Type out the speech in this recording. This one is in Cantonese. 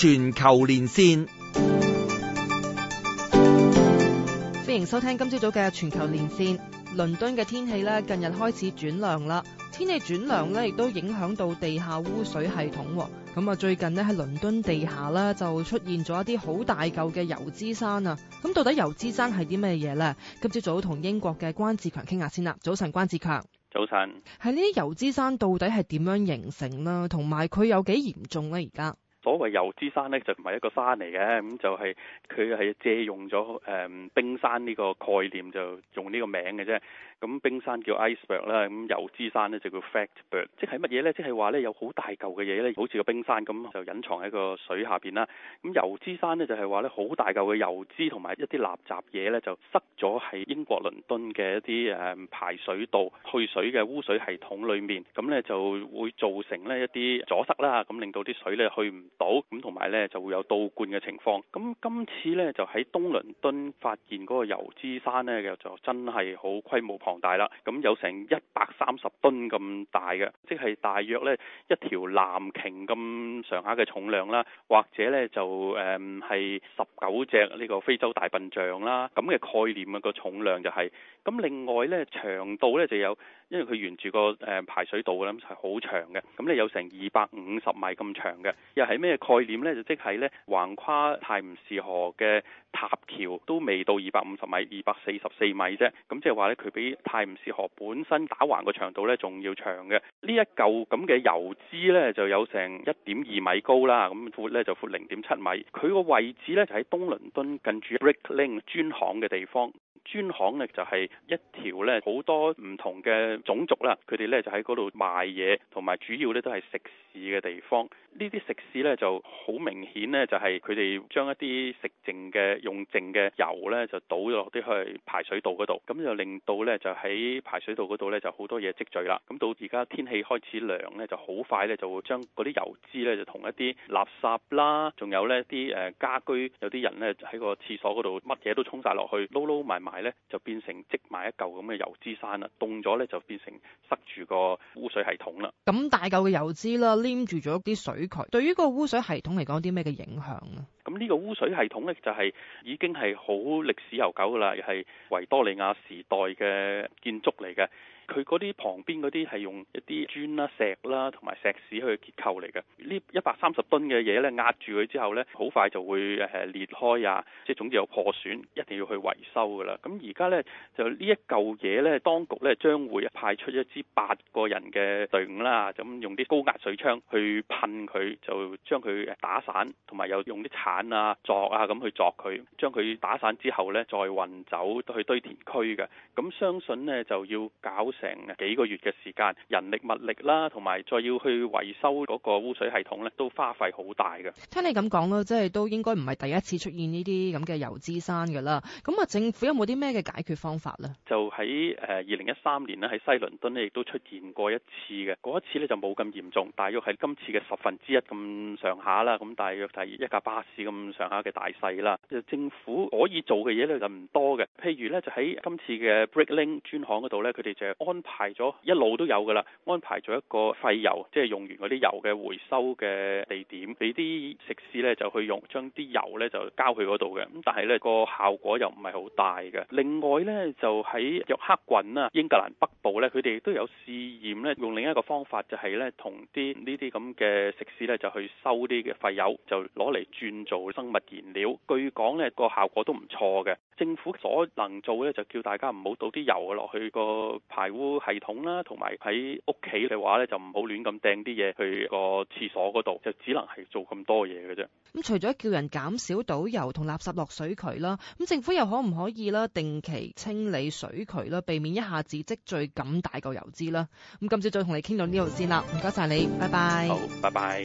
全球連線，歡迎收聽今朝早嘅全球連線。倫敦嘅天氣咧，近日開始轉涼啦。天氣轉涼咧，亦都影響到地下污水系統。咁啊，最近呢喺倫敦地下咧就出現咗一啲好大嚿嘅油脂山啊。咁到底油脂山係啲咩嘢呢？今朝早同英國嘅關志強傾下先啦。早晨，關志強。早晨。係呢啲油脂山到底係點樣形成啦？同埋佢有幾嚴重咧？而家？所謂油脂山咧，就唔係一個山嚟嘅，咁就係佢係借用咗誒冰山呢個概念，就用呢個名嘅啫。咁冰山叫 iceberg 啦，咁、就是、油脂山咧就叫 fatberg，c 即係乜嘢呢？即係話呢，有好大嚿嘅嘢呢，好似個冰山咁，就隱藏喺個水下邊啦。咁油脂山呢，就係話呢，好大嚿嘅油脂同埋一啲垃圾嘢呢，就塞咗喺英國倫敦嘅一啲誒排水道去水嘅污水系統裏面，咁呢，就會造成呢一啲阻塞啦，咁令到啲水呢，去唔。到咁同埋咧就會有倒灌嘅情況。咁今次呢，就喺東倫敦發現嗰個油脂山呢，就真係好規模龐大啦。咁有成一百三十噸咁大嘅，即係大約呢一條藍鯨咁上下嘅重量啦，或者呢，就誒係十九隻呢個非洲大笨象啦咁嘅概念啊，個重量就係、是。咁另外呢，長度呢就有，因為佢沿住個誒排水道啦係好長嘅，咁呢，有成二百五十米咁長嘅，因為喺。咩概念呢？就即係咧，橫跨泰晤士河嘅塔橋都未到二百五十米，二百四十四米啫。咁即係話咧，佢比泰晤士河本身打橫個長度咧，仲要長嘅。呢一嚿咁嘅油脂咧，就有成一點二米高啦。咁闊咧就闊零點七米。佢個位置咧就喺東倫敦近住 Brick Lane 磚巷嘅地方。專行咧就係一條咧，好多唔同嘅種族啦，佢哋咧就喺嗰度賣嘢，同埋主要咧都係食肆嘅地方。呢啲食肆咧就好明顯咧，就係佢哋將一啲食剩嘅用剩嘅油咧就倒咗落啲去排水道嗰度，咁就令到咧就喺排水道嗰度咧就好多嘢積聚啦。咁到而家天氣開始涼咧，就好快咧就會將嗰啲油脂咧就同一啲垃圾啦，仲有咧啲誒家居，有啲人咧喺個廁所嗰度乜嘢都沖晒落去，撈撈埋埋。咧就變成積埋一嚿咁嘅油脂山啦，凍咗咧就變成塞住個污水系統啦。咁大嚿嘅油脂啦，黏住咗啲水渠，對於個污水系統嚟講，有啲咩嘅影響啊？咁呢個污水系統咧，就係、是、已經係好歷史悠久噶啦，係維多利亞時代嘅建築嚟嘅。佢嗰啲旁邊嗰啲係用一啲磚啦、石啦同埋石屎去結構嚟嘅。呢一百三十噸嘅嘢咧壓住佢之後咧，好快就會誒裂開啊！即係總之有破損一定要去維修㗎啦。咁而家咧就一呢一舊嘢咧，當局咧將會派出一支八個人嘅隊伍啦，咁用啲高壓水槍去噴佢，就將佢打散，同埋又用啲鏟啊、鑿啊咁去鑿佢，將佢打散之後咧再運走去堆填區嘅。咁相信咧就要搞成幾個月嘅時間，人力物力啦，同埋再要去維修嗰個污水系統咧，都花費好大嘅。聽你咁講咧，即係都應該唔係第一次出現呢啲咁嘅油脂山嘅啦。咁啊，政府有冇啲咩嘅解決方法咧？就喺誒二零一三年咧，喺西倫敦呢，亦都出現過一次嘅。嗰一次咧就冇咁嚴重，大約係今次嘅十分之一咁上下啦。咁大約就係一架巴士咁上下嘅大細啦。就政府可以做嘅嘢咧就唔多嘅，譬如咧就喺今次嘅 Breaklink 專項嗰度咧，佢哋就安排咗一路都有噶啦，安排咗一個廢油，即係用完嗰啲油嘅回收嘅地點，俾啲食肆咧就去用，將啲油咧就交去嗰度嘅。咁但係咧個效果又唔係好大嘅。另外咧就喺約克郡啊，英格蘭北。咧佢哋都有試驗咧，用另一個方法就係咧，同啲呢啲咁嘅食肆咧，就去收啲嘅廢油，就攞嚟轉做生物燃料。據講呢個效果都唔錯嘅。政府所能做咧，就叫大家唔好倒啲油落去個排污系統啦，同埋喺屋企嘅話咧，就唔好亂咁掟啲嘢去個廁所嗰度，就只能係做咁多嘢嘅啫。咁除咗叫人減少倒油同垃圾落水渠啦，咁政府又可唔可以咧定期清理水渠啦，避免一下子積聚？咁大個油脂啦，咁今次再同你傾到呢度先啦，唔該晒你，拜拜。好，拜拜。